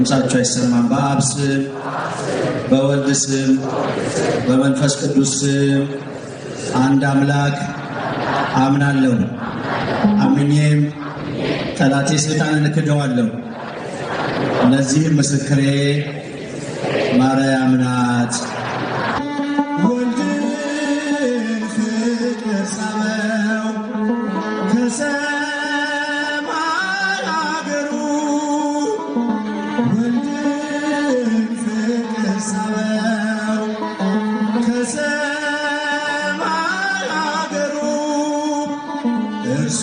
ድምፃቸው አይሰማም። በአብ ስም በወልድ ስም በመንፈስ ቅዱስ ስም አንድ አምላክ አምናለሁ። አምኜም ጠላቴ ሰይጣንን እክደዋለሁ። እነዚህም ምስክሬ ማርያም ናት።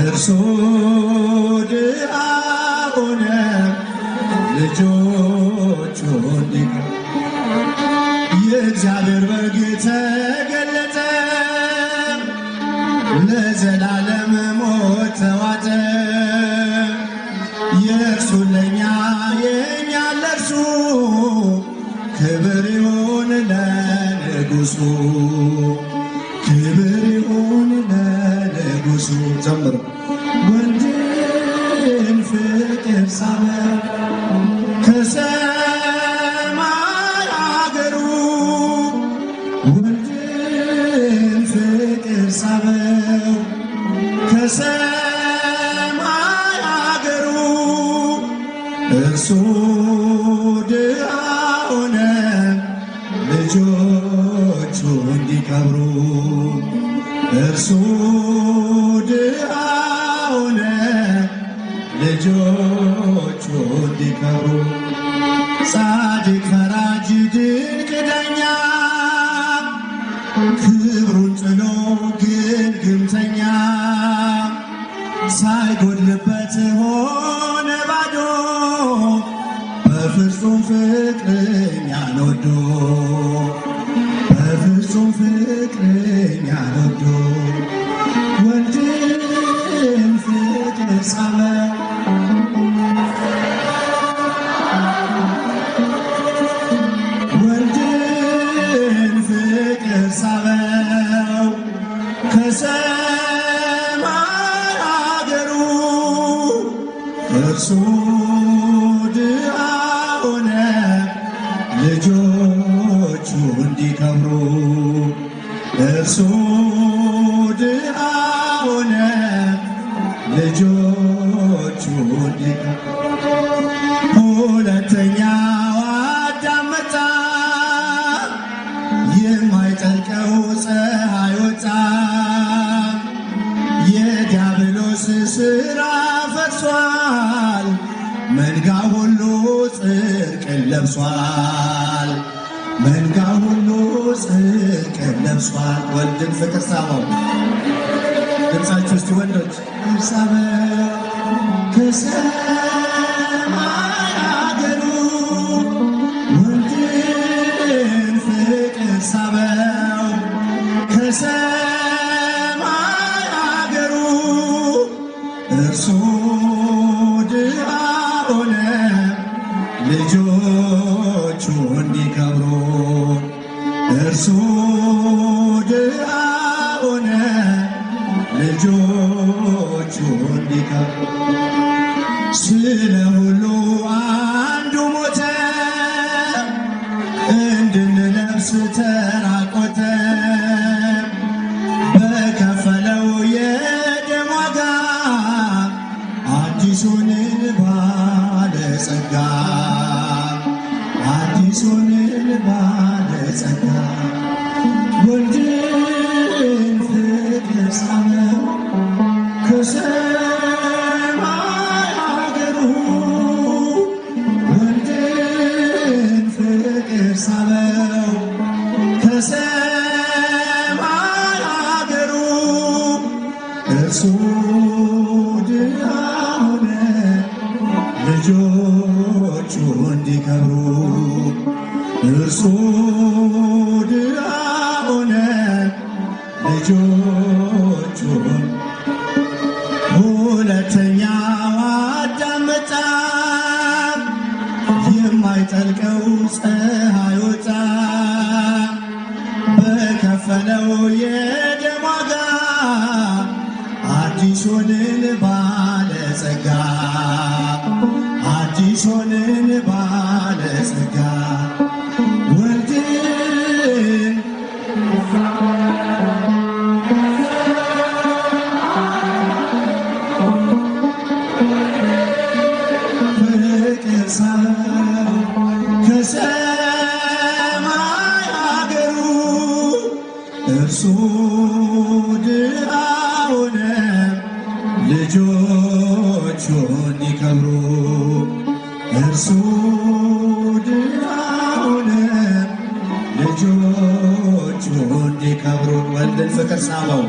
እርሱ ድአቡነ ልጆቹን የእግዚአብሔር በግ ተገለጠ፣ ለዘላለም ሞት ተዋጠ። የእርሱ ለኛ የኛ ለእርሱ ክብር ይሁን ለንጉሱ ጨምረው ወንድን ፍቅር ሳበ ከሰማይ አገሩ ወንድን ፍቅር ከሰማይ አገሩ ልጆቹ እርሱ ልጆቹ እንዲከሩ ጻድቅ ፈራጅ ድንቅ ዳኛ ክብሩን ጥሎ ግምተኛ ሳይጎድልበት ሆነ ባዶ በፍጹም ፍቅር እኛን ከሰማይ አገሩ እርሱ ድሃ ሆነ ልጆቹ እንዲከብሩ እርሱ ለብሷል። መንጋ ሁሉ ጽድቅን ለብሷል። ወልድን ፍቅር ሳበው ድምፃችሁ እስቲ ወንዶች ሳበ ስለ ሁሉ አንዱ ሞተ እንድንለብስ ተራቆተ በከፈለው የደም ዋጋ አዲሱን ባለጸጋ አዲሱን ባለጸጋ ወልድን ፍቅር ሳመው ልጆቹን ሁለተኛው አዳመጣ የማይጠልቀው ፀሐይ ወጣ በከፈለው የደም ዋጋ አዲስ ከሰማይ አገሩ እርሱ ድአውነ ልጆቹን ይከብሩ ወልድን ፍቅር ሳበው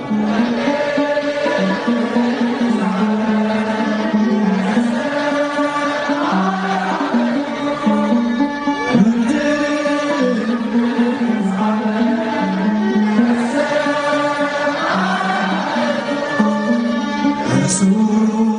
Jesus.